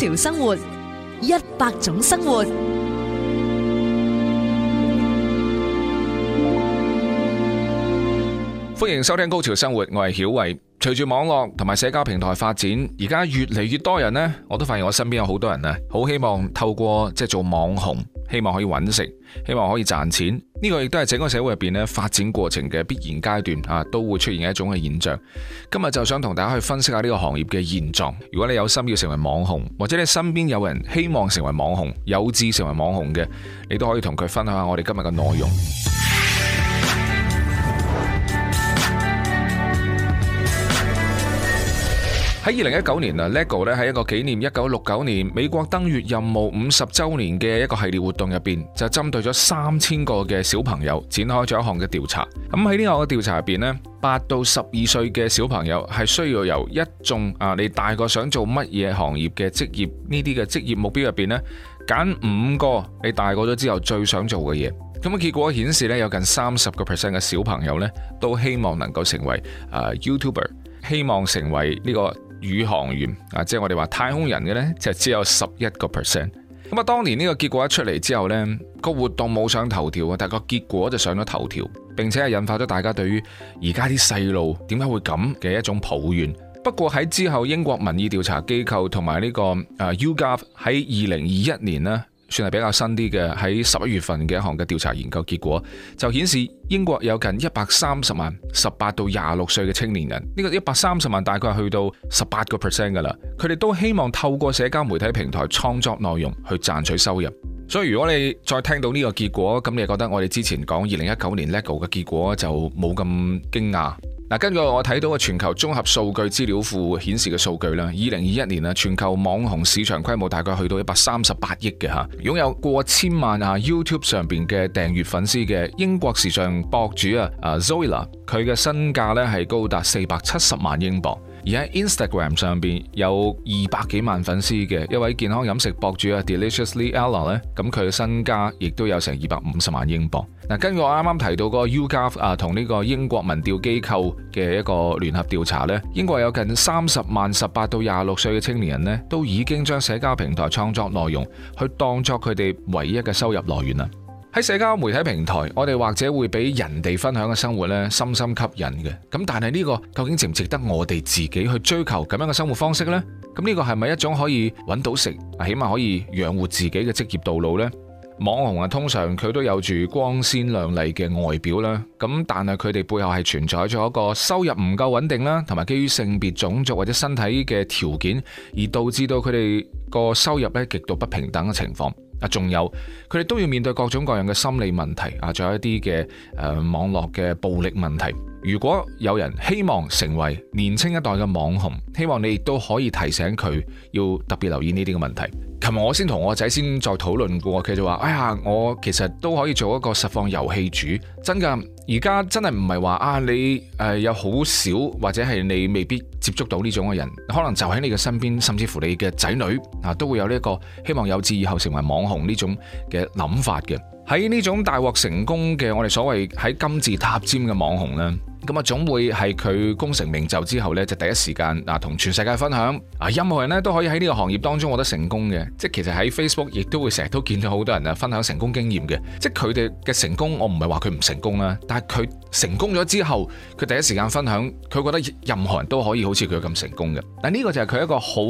潮生活，一百種生活。歡迎收聽《高潮生活》，我係曉偉。隨住網絡同埋社交平台發展，而家越嚟越多人呢，我都發現我身邊有好多人呢，好希望透過即係做網紅，希望可以揾食，希望可以賺錢。呢個亦都係整個社會入邊呢發展過程嘅必然階段啊，都會出現一種嘅現象。今日就想同大家去分析下呢個行業嘅現狀。如果你有心要成為網紅，或者你身邊有人希望成為網紅、有志成為網紅嘅，你都可以同佢分享下我哋今日嘅內容。喺二零一九年啊，LEGO 咧喺一個紀念一九六九年美國登月任務五十周年嘅一個系列活動入邊，就針對咗三千個嘅小朋友展開咗一項嘅調查。咁喺呢項嘅調查入邊呢，八到十二歲嘅小朋友係需要由一眾啊，你大個想做乜嘢行業嘅職業呢啲嘅職業目標入邊呢，揀五個你大個咗之後最想做嘅嘢。咁啊結果顯示呢，有近三十個 percent 嘅小朋友呢都希望能夠成為、uh, YouTuber，希望成為呢、這個。宇航員啊，即係我哋話太空人嘅呢，就只有十一個 percent。咁啊，當年呢個結果一出嚟之後，呢個活動冇上頭條啊，但係個結果就上咗頭條，並且係引發咗大家對於而家啲細路點解會咁嘅一種抱怨。不過喺之後，英國民意調查機構同埋呢個啊 YouGov 喺二零二一年咧。算係比較新啲嘅，喺十一月份嘅一項嘅調查研究結果就顯示，英國有近一百三十萬十八到廿六歲嘅青年人，呢個一百三十萬大概係去到十八個 percent 嘅啦。佢哋都希望透過社交媒體平台創作內容去賺取收入。所以如果你再聽到呢個結果，咁你覺得我哋之前講二零一九年 Lego 嘅結果就冇咁驚訝。嗱，根據我睇到嘅全球綜合數據資料庫顯示嘅數據啦，二零二一年啊，全球網紅市場規模大概去到一百三十八億嘅嚇，擁有過千萬啊 YouTube 上邊嘅訂閱粉絲嘅英國時尚博主啊啊 Zoella，佢嘅身價呢係高達四百七十萬英鎊。而喺 Instagram 上邊有二百幾萬粉絲嘅一位健康飲食博主啊，Deliciously Ella 呢，咁佢嘅身家亦都有成二百五十萬英鎊。嗱，根據我啱啱提到嗰個 YouGov 啊，同呢個英國民調機構嘅一個聯合調查呢，英國有近三十萬十八到廿六歲嘅青年人呢，都已經將社交平台創作內容去當作佢哋唯一嘅收入來源啦。喺社交媒體平台，我哋或者會俾人哋分享嘅生活呢，深深吸引嘅。咁但係呢個究竟值唔值得我哋自己去追求咁樣嘅生活方式呢？咁、這、呢個係咪一種可以揾到食，起碼可以養活自己嘅職業道路呢？網紅啊，通常佢都有住光鮮亮麗嘅外表啦。咁但係佢哋背後係存在咗一個收入唔夠穩定啦，同埋基於性別、種族或者身體嘅條件，而導致到佢哋個收入呢極度不平等嘅情況。啊，仲有佢哋都要面對各種各樣嘅心理問題，啊，仲有一啲嘅誒網絡嘅暴力問題。如果有人希望成為年輕一代嘅網紅，希望你亦都可以提醒佢要特別留意呢啲嘅問題。琴日我先同我仔先再討論過，佢就話，哎呀，我其實都可以做一個實況遊戲主，真㗎。而家真係唔係話啊，你誒有好少或者係你未必接觸到呢種嘅人，可能就喺你嘅身邊，甚至乎你嘅仔女啊都會有呢個希望，有志以後成為網紅呢種嘅諗法嘅。喺呢種大獲成功嘅我哋所謂喺金字塔尖嘅網紅咧。咁啊，總會係佢功成名就之後呢，就第一時間啊，同全世界分享啊，任何人呢都可以喺呢個行業當中獲得成功嘅。即係其實喺 Facebook 亦都會成日都見到好多人啊，分享成功經驗嘅。即係佢哋嘅成功，我唔係話佢唔成功啦，但係佢成功咗之後，佢第一時間分享，佢覺得任何人都可以好似佢咁成功嘅。嗱，呢個就係佢一個好，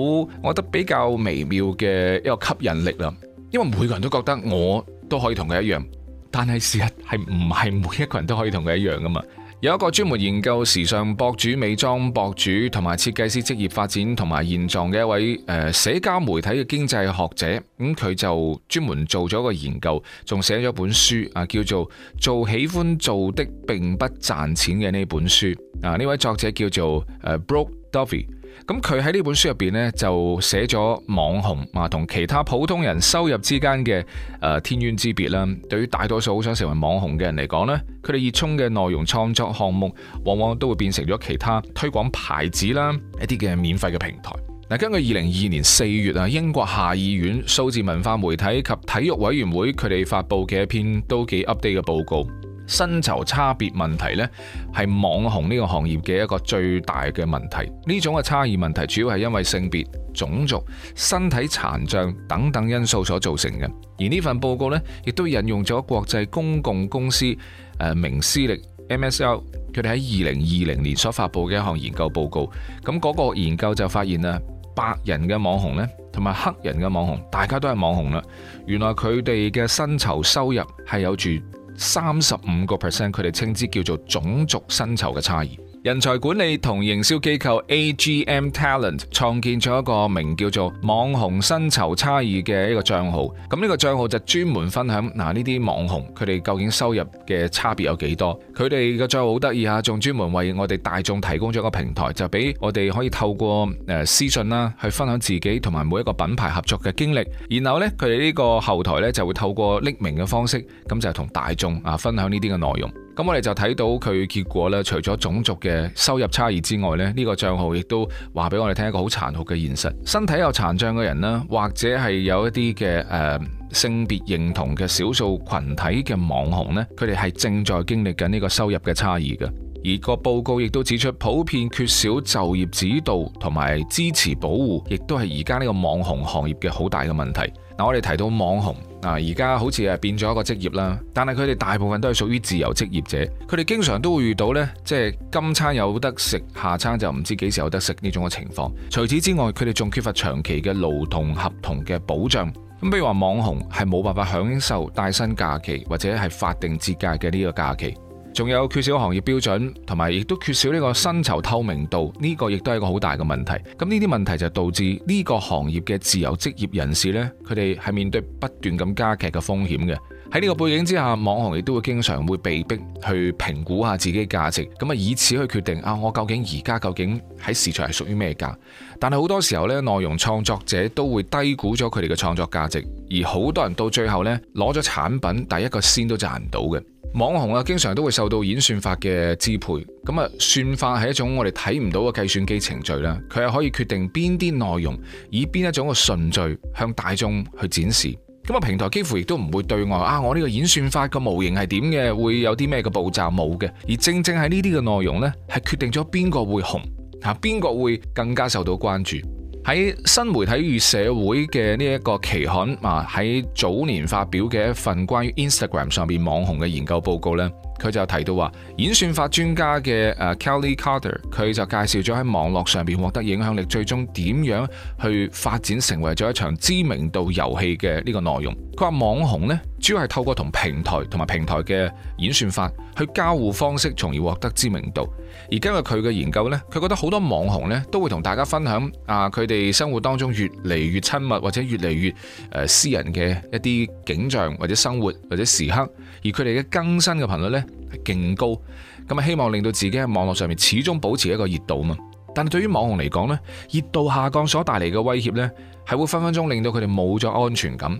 我覺得比較微妙嘅一個吸引力啦。因為每個人都覺得我都可以同佢一樣，但係事實係唔係每一個人都可以同佢一樣㗎嘛。有一個專門研究時尚博主、美妝博主同埋設計師職業發展同埋現狀嘅一位誒、呃、社交媒體嘅經濟學者，咁、嗯、佢就專門做咗個研究，仲寫咗本書啊，叫做《做喜歡做的並不賺錢》嘅呢本書。啊，呢位作者叫做誒 Brooke Duffy。呃咁佢喺呢本書入邊呢，就寫咗網紅啊同其他普通人收入之間嘅誒、呃、天淵之別啦。對於大多數好想成為網紅嘅人嚟講呢，佢哋熱衷嘅內容創作項目，往往都會變成咗其他推廣牌子啦一啲嘅免費嘅平台。嗱，根據二零二二年四月啊，英國下議院數字文化媒體及體育委員會佢哋發布嘅一篇都幾 Update 嘅報告。薪酬差別問題呢，係網紅呢個行業嘅一個最大嘅問題。呢種嘅差異問題主要係因為性別、種族、身體殘障等等因素所造成嘅。而呢份報告呢，亦都引用咗國際公共公司誒明思力 MSL，佢哋喺二零二零年所發布嘅一項研究報告。咁嗰個研究就發現啊，白人嘅網紅呢，同埋黑人嘅網紅，大家都係網紅啦。原來佢哋嘅薪酬收入係有住三十五個 percent，佢哋稱之叫做種族薪酬嘅差異。人才管理同營銷機構 AGM Talent 創建咗一個名叫做“網紅薪酬差異”嘅一個賬號。咁呢個賬號就專門分享嗱，呢啲網紅佢哋究竟收入嘅差別有幾多？佢哋個賬號好得意啊，仲專門為我哋大眾提供咗一個平台，就俾我哋可以透過誒私信啦去分享自己同埋每一個品牌合作嘅經歷。然後呢，佢哋呢個後台咧就會透過匿名嘅方式，咁就係同大眾啊分享呢啲嘅內容。咁我哋就睇到佢結果咧，除咗種族嘅收入差異之外咧，呢個帳號亦都話俾我哋聽一個好殘酷嘅現實：身體有殘障嘅人啦，或者係有一啲嘅誒性別認同嘅少數群體嘅網紅呢，佢哋係正在經歷緊呢個收入嘅差異嘅。而個報告亦都指出，普遍缺少就業指導同埋支持保護，亦都係而家呢個網紅行業嘅好大嘅問題。嗱，我哋提到網紅。嗱，而家好似誒變咗一個職業啦，但係佢哋大部分都係屬於自由職業者，佢哋經常都會遇到呢，即係今餐有得食，下餐就唔知幾時有得食呢種嘅情況。除此之外，佢哋仲缺乏長期嘅勞動合同嘅保障。咁比如話，網紅係冇辦法享受帶薪假期或者係法定節假嘅呢個假期。仲有缺少行業標準，同埋亦都缺少呢個薪酬透明度，呢個亦都係一個好大嘅問題。咁呢啲問題就導致呢個行業嘅自由職業人士咧，佢哋係面對不斷咁加劇嘅風險嘅。喺呢個背景之下，網紅亦都會經常會被逼去評估下自己價值，咁啊以此去決定啊我究竟而家究竟喺市場係屬於咩價？但係好多時候咧，內容創作者都會低估咗佢哋嘅創作價值，而好多人到最後咧攞咗產品，第一個先都賺唔到嘅。網紅啊，經常都會受到演算法嘅支配。咁啊，算法係一種我哋睇唔到嘅計算機程序啦。佢係可以決定邊啲內容，以邊一種嘅順序向大眾去展示。咁啊，平台幾乎亦都唔會對外啊，我呢個演算法個模型係點嘅，會有啲咩嘅步驟冇嘅。而正正係呢啲嘅內容呢，係決定咗邊個會紅，嗱邊個會更加受到關注。喺新媒體與社會嘅呢一個期刊啊，喺早年發表嘅一份關於 Instagram 上邊網紅嘅研究報告呢，佢就提到話演算法專家嘅誒 Kelly Carter，佢就介紹咗喺網絡上邊獲得影響力，最終點樣去發展成為咗一場知名度遊戲嘅呢個內容。佢話網紅呢，主要係透過同平台同埋平台嘅演算法去交互方式，從而獲得知名度。而根據佢嘅研究呢，佢覺得好多網紅呢都會同大家分享啊，佢哋生活當中越嚟越親密或者越嚟越誒私人嘅一啲景象或者生活或者時刻，而佢哋嘅更新嘅頻率呢係勁高。咁啊，希望令到自己喺網絡上面始終保持一個熱度啊嘛。但係對於網紅嚟講呢，熱度下降所帶嚟嘅威脅呢，係會分分鐘令到佢哋冇咗安全感。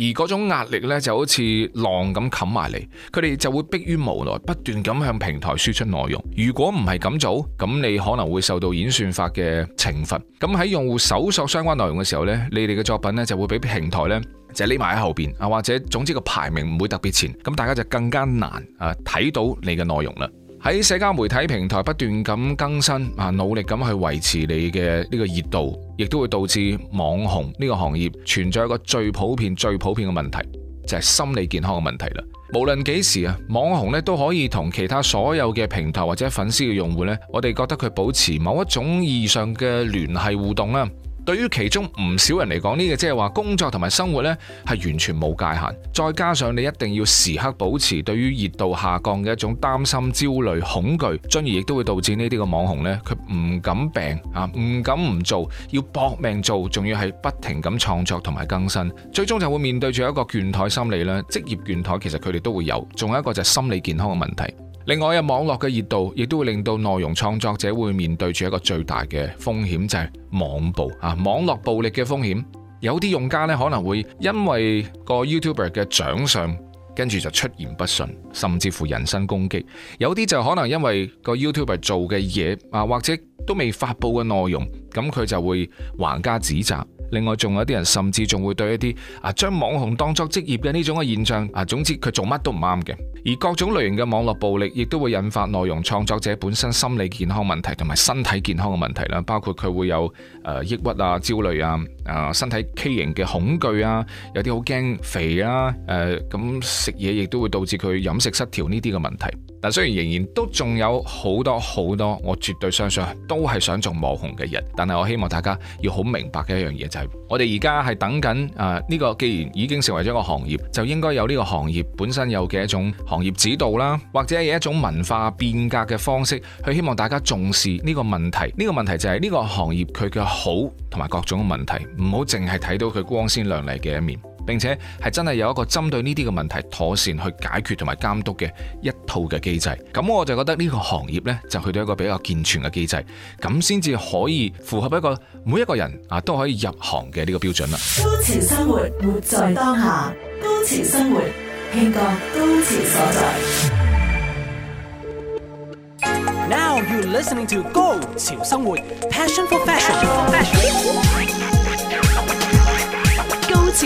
而嗰種壓力咧就好似浪咁冚埋嚟，佢哋就會迫於無奈，不斷咁向平台輸出內容。如果唔係咁做，咁你可能會受到演算法嘅懲罰。咁喺用戶搜索相關內容嘅時候呢，你哋嘅作品呢，就會俾平台呢，就匿埋喺後邊啊，或者總之個排名唔會特別前，咁大家就更加難啊睇到你嘅內容啦。喺社交媒體平台不斷咁更新，啊努力咁去維持你嘅呢個熱度，亦都會導致網紅呢個行業存在一個最普遍、最普遍嘅問題，就係心理健康嘅問題啦。無論幾時啊，網紅咧都可以同其他所有嘅平台或者粉絲嘅用戶呢，我哋覺得佢保持某一種異常嘅聯繫互動啦。對於其中唔少人嚟講，呢個即係話工作同埋生活呢係完全冇界限。再加上你一定要時刻保持對於熱度下降嘅一種擔心、焦慮、恐懼，進而亦都會導致呢啲個網紅呢，佢唔敢病啊，唔敢唔做，要搏命做，仲要係不停咁創作同埋更新，最終就會面對住一個倦怠心理啦。職業倦怠其實佢哋都會有，仲有一個就係心理健康嘅問題。另外有網絡嘅熱度，亦都會令到內容創作者會面對住一個最大嘅風險，就係、是、網暴啊，網絡暴力嘅風險。有啲用家咧可能會因為個 YouTuber 嘅長相，跟住就出言不遜，甚至乎人身攻擊。有啲就可能因為個 YouTuber 做嘅嘢啊，或者都未發布嘅內容，咁佢就會橫加指責。另外仲有啲人甚至仲會對一啲啊將網紅當作職業嘅呢種嘅現象啊，總之佢做乜都唔啱嘅。而各種類型嘅網絡暴力亦都會引發內容創作者本身心理健康問題同埋身體健康嘅問題啦，包括佢會有誒、呃、抑鬱啊、焦慮啊、啊、呃、身體畸形嘅恐懼啊，有啲好驚肥啊，誒、呃、咁食嘢亦都會導致佢飲食失調呢啲嘅問題。但雖然仍然都仲有好多好多，多我絕對相信都係想做網紅嘅人，但係我希望大家要好明白嘅一樣嘢就係、是，我哋而家係等緊誒呢個，既然已經成為咗一個行業，就應該有呢個行業本身有嘅一種行業指導啦，或者係一種文化變革嘅方式，去希望大家重視呢個問題。呢、這個問題就係呢個行業佢嘅好同埋各種嘅問題，唔好淨係睇到佢光鮮亮麗嘅一面。並且係真係有一個針對呢啲嘅問題，妥善去解決同埋監督嘅一套嘅機制。咁我就覺得呢個行業呢，就去到一個比較健全嘅機制，咁先至可以符合一個每一個人啊都可以入行嘅呢個標準啦。高潮生活，活在當下。高潮生活，慶個高潮所在。Now you're listening to 高潮生活，Passion for Fashion。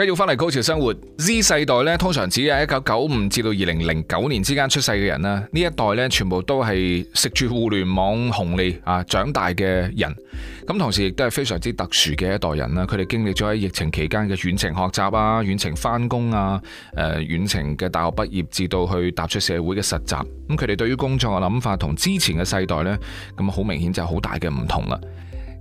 繼續翻嚟高潮生活，Z 世代咧通常只係一九九五至到二零零九年之間出世嘅人啦，呢一代咧全部都係食住互聯網紅利啊長大嘅人，咁同時亦都係非常之特殊嘅一代人啦，佢哋經歷咗喺疫情期間嘅遠程學習啊、遠程翻工啊、誒遠程嘅大學畢業至到去踏出社會嘅實習，咁佢哋對於工作嘅諗法同之前嘅世代咧，咁好明顯就好大嘅唔同啦。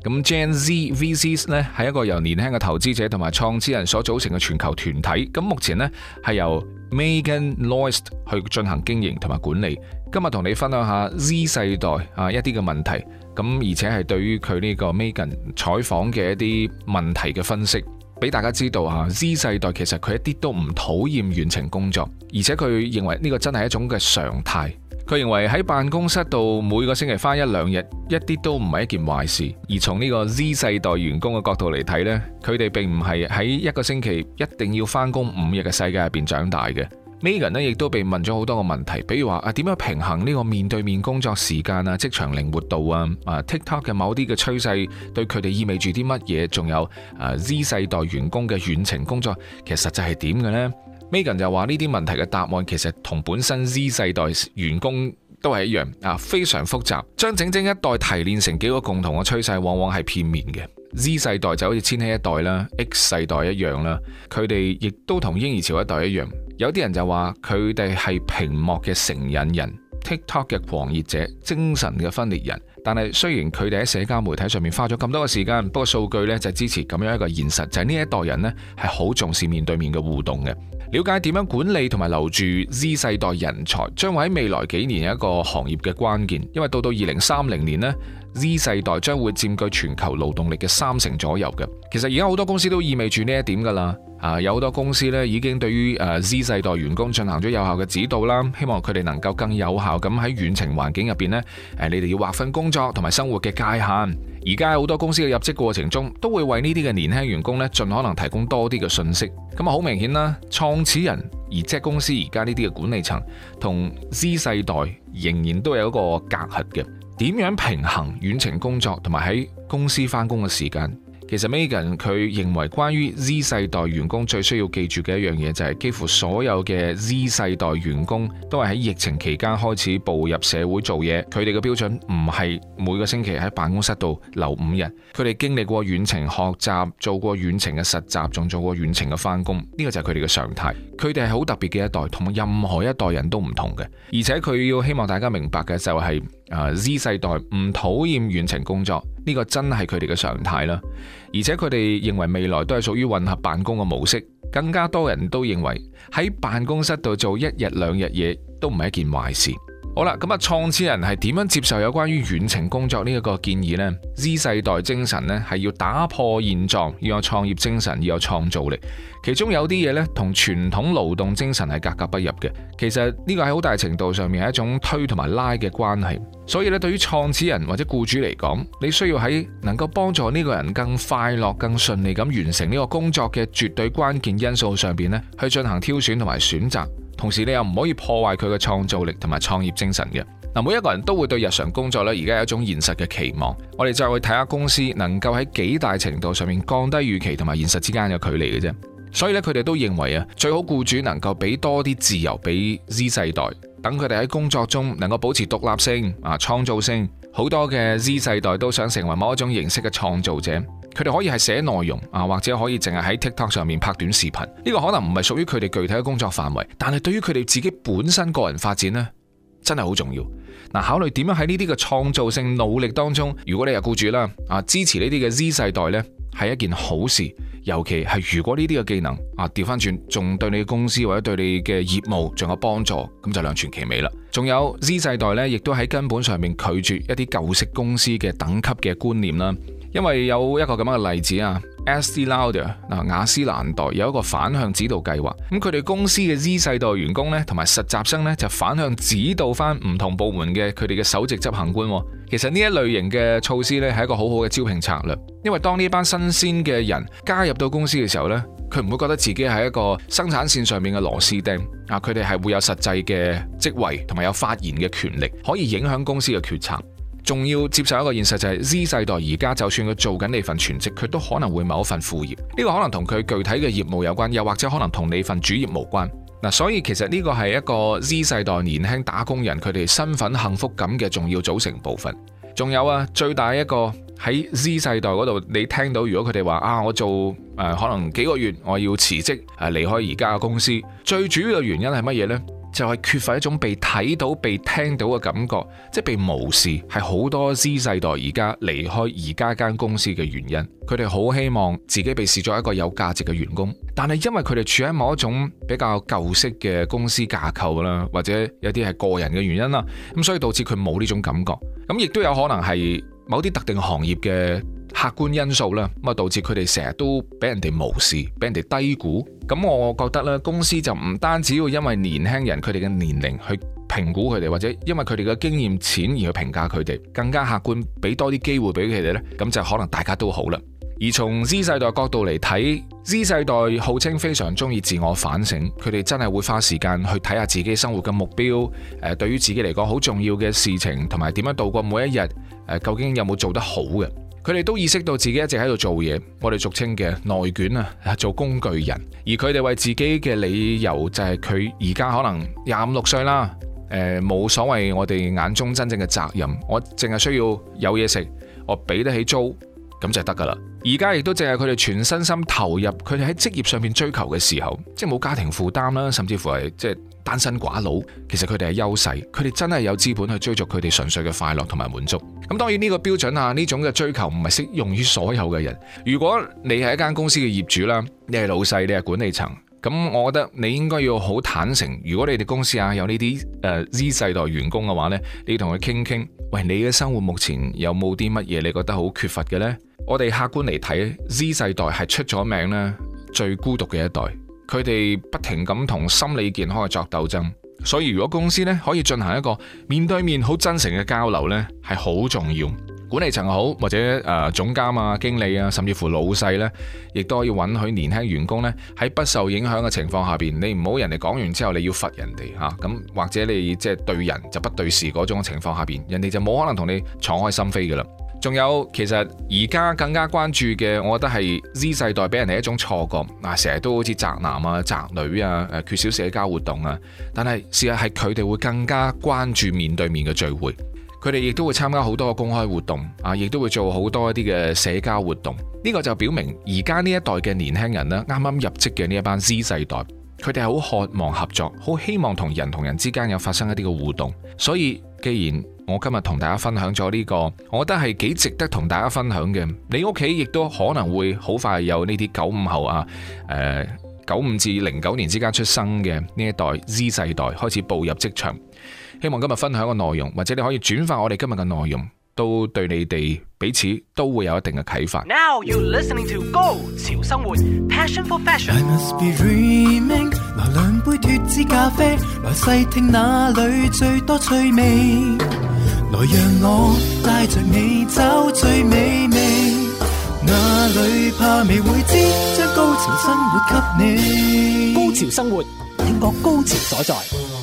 咁 Gen Z VCs 呢係一個由年輕嘅投資者同埋創始人所組成嘅全球團體。咁目前呢，係由 Megan Loyst 去進行經營同埋管理。今日同你分享下 Z 世代啊一啲嘅問題，咁而且係對於佢呢個 Megan 採訪嘅一啲問題嘅分析，俾大家知道啊。Z 世代其實佢一啲都唔討厭遠程工作，而且佢認為呢個真係一種嘅常態。佢認為喺辦公室度每個星期返一兩日，一啲都唔係一件壞事。而從呢個 Z 世代員工嘅角度嚟睇呢，佢哋並唔係喺一個星期一定要返工五日嘅世界入邊長大嘅。Megan 呢亦都被問咗好多個問題，比如話啊點樣平衡呢個面對面工作時間啊、職場靈活度啊、啊 TikTok 嘅某啲嘅趨勢對佢哋意味住啲乜嘢？仲有啊 Z 世代員工嘅遠程工作其實實際係點嘅呢？Megan 就話呢啲問題嘅答案其實同本身 Z 世代員工都係一樣啊，非常複雜。將整整一代提煉成幾個共同嘅趨勢，往往係片面嘅。Z 世代就好似千禧一代啦、X 世代一樣啦，佢哋亦都同嬰兒潮一代一樣。有啲人就話佢哋係屏幕嘅成癮人、TikTok 嘅狂熱者、精神嘅分裂人。但係雖然佢哋喺社交媒體上面花咗咁多嘅時間，不過數據咧就是、支持咁樣一個現實，就係、是、呢一代人呢係好重視面對面嘅互動嘅。了解點樣管理同埋留住 Z 世代人才，將會喺未來幾年一個行業嘅關鍵，因為到到二零三零年呢 Z 世代將會佔據全球勞動力嘅三成左右嘅。其實而家好多公司都意味住呢一點噶啦。啊，有好多公司咧已經對於誒 Z 世代員工進行咗有效嘅指導啦，希望佢哋能夠更有效咁喺遠程環境入邊咧，誒你哋要劃分工作同埋生活嘅界限。而家好多公司嘅入職過程中，都會為呢啲嘅年輕員工咧，盡可能提供多啲嘅信息。咁啊，好明顯啦，創始人而即係公司而家呢啲嘅管理層同 Z 世代仍然都有一個隔閡嘅。點樣平衡遠程工作同埋喺公司翻工嘅時間？其實 Megan 佢認為，關於 Z 世代員工最需要記住嘅一樣嘢，就係幾乎所有嘅 Z 世代員工都係喺疫情期間開始步入社會做嘢。佢哋嘅標準唔係每個星期喺辦公室度留五日。佢哋經歷過遠程學習，做過遠程嘅實習，仲做過遠程嘅翻工。呢個就係佢哋嘅常態。佢哋係好特別嘅一代，同任何一代人都唔同嘅。而且佢要希望大家明白嘅就係，啊，Z 世代唔討厭遠程工作。呢個真係佢哋嘅常態啦，而且佢哋認為未來都係屬於混合辦公嘅模式，更加多人都認為喺辦公室度做一日兩日嘢都唔係一件壞事。好啦，咁啊，創始人係點樣接受有關於遠程工作呢一個建議呢？Z 世代精神呢係要打破現狀，要有創業精神，要有創造力。其中有啲嘢呢，同傳統勞動精神係格格不入嘅。其實呢個喺好大程度上面係一種推同埋拉嘅關係。所以咧，對於創始人或者僱主嚟講，你需要喺能夠幫助呢個人更快樂、更順利咁完成呢個工作嘅絕對關鍵因素上邊呢，去進行挑選同埋選擇。同時你又唔可以破壞佢嘅創造力同埋創業精神嘅嗱，每一個人都會對日常工作咧而家有一種現實嘅期望，我哋就去睇下公司能夠喺幾大程度上面降低預期同埋現實之間嘅距離嘅啫。所以咧，佢哋都認為啊，最好雇主能夠俾多啲自由俾 Z 世代，等佢哋喺工作中能夠保持獨立性啊、創造性。好多嘅 Z 世代都想成為某一種形式嘅創造者。佢哋可以係寫內容啊，或者可以淨係喺 TikTok 上面拍短視頻，呢個可能唔係屬於佢哋具體嘅工作範圍，但係對於佢哋自己本身個人發展呢，真係好重要。嗱，考慮點樣喺呢啲嘅創造性努力當中，如果你係僱主啦啊，支持呢啲嘅 Z 世代呢，係一件好事，尤其係如果呢啲嘅技能啊調翻轉，仲對你嘅公司或者對你嘅業務仲有幫助，咁就兩全其美啦。仲有 Z 世代呢，亦都喺根本上面拒絕一啲舊式公司嘅等級嘅觀念啦。因為有一個咁樣嘅例子啊，Estée Lauder 嗱，La ude, 雅詩蘭黛有一個反向指導計劃，咁佢哋公司嘅 Z 世代員工咧，同埋實習生咧，就反向指導翻唔同部門嘅佢哋嘅首席執行官。其實呢一類型嘅措施咧，係一個好好嘅招聘策略，因為當呢班新鮮嘅人加入到公司嘅時候咧，佢唔會覺得自己係一個生產線上面嘅螺絲釘啊，佢哋係會有實際嘅職位，同埋有發言嘅權力，可以影響公司嘅決策。仲要接受一個現實，就係 Z 世代而家就算佢做緊呢份全職，佢都可能會某一份副業。呢個可能同佢具體嘅業務有關，又或者可能同你份主業無關。嗱、啊，所以其實呢個係一個 Z 世代年輕打工人佢哋身份幸福感嘅重要組成部分。仲有啊，最大一個喺 Z 世代嗰度，你聽到如果佢哋話啊，我做誒、啊、可能幾個月我要辭職誒、啊、離開而家嘅公司，最主要嘅原因係乜嘢呢？就係缺乏一種被睇到、被聽到嘅感覺，即係被無視，係好多 Z 世代而家離開而家間公司嘅原因。佢哋好希望自己被視作一個有價值嘅員工，但係因為佢哋處喺某一種比較舊式嘅公司架構啦，或者有啲係個人嘅原因啦，咁所以導致佢冇呢種感覺。咁亦都有可能係某啲特定行業嘅。客觀因素啦，咁啊導致佢哋成日都俾人哋無視，俾人哋低估。咁我覺得咧，公司就唔單只要因為年輕人佢哋嘅年齡去評估佢哋，或者因為佢哋嘅經驗淺而去評價佢哋，更加客觀，俾多啲機會俾佢哋咧，咁就可能大家都好啦。而從 Z 世代角度嚟睇，Z 世代號稱非常中意自我反省，佢哋真係會花時間去睇下自己生活嘅目標，誒對於自己嚟講好重要嘅事情，同埋點樣度過每一日，誒究竟有冇做得好嘅。佢哋都意識到自己一直喺度做嘢，我哋俗稱嘅內卷啊，做工具人。而佢哋為自己嘅理由就係佢而家可能廿五六歲啦，誒、呃、冇所謂我哋眼中真正嘅責任，我淨係需要有嘢食，我俾得起租咁就得㗎喇。而家亦都淨係佢哋全身心投入佢哋喺職業上面追求嘅時候，即係冇家庭負擔啦，甚至乎係即係。單身寡佬，其實佢哋係優勢，佢哋真係有資本去追逐佢哋純粹嘅快樂同埋滿足。咁當然呢個標準啊，呢種嘅追求唔係適用於所有嘅人。如果你係一間公司嘅業主啦，你係老細，你係管理層，咁我覺得你應該要好坦誠。如果你哋公司啊有呢啲誒 Z 世代員工嘅話呢，你同佢傾傾，喂，你嘅生活目前有冇啲乜嘢你覺得好缺乏嘅呢？我哋客觀嚟睇，Z 世代係出咗名咧，最孤獨嘅一代。佢哋不停咁同心理健康去作鬥爭，所以如果公司呢可以進行一個面對面好真誠嘅交流呢，係好重要。管理層好或者誒總監啊、經理啊，甚至乎老細呢，亦都可以允許年輕員工呢喺不受影響嘅情況下邊，你唔好人哋講完之後你要罰人哋吓咁，或者你即係對人就不對事嗰種情況下邊，人哋就冇可能同你敞開心扉噶啦。仲有，其實而家更加關注嘅，我覺得係 Z 世代俾人哋一種錯覺啊，成日都好似宅男啊、宅女啊，誒缺少社交活動啊。但係事實係佢哋會更加關注面對面嘅聚會，佢哋亦都會參加好多嘅公開活動啊，亦都會做好多一啲嘅社交活動。呢個就表明而家呢一代嘅年輕人咧，啱啱入職嘅呢一班 Z 世代，佢哋好渴望合作，好希望同人同人之間有發生一啲嘅互動。所以既然我今日同大家分享咗呢個，我覺得係幾值得同大家分享嘅。你屋企亦都可能會好快有呢啲九五後啊，誒，九五至零九年之間出生嘅呢一代 Z 世代開始步入職場。希望今日分享嘅內容，或者你可以轉發我哋今日嘅內容，都對你哋彼此都會有一定嘅啟發。Now you listening toGo 潮生活，passion for fashion。I must be dreaming。來兩杯脫脂咖啡，來細聽哪裏最多趣味。來讓我帶着你找最美味，哪裏怕未會知，將高潮生活給你。高潮生活，英國高潮所在。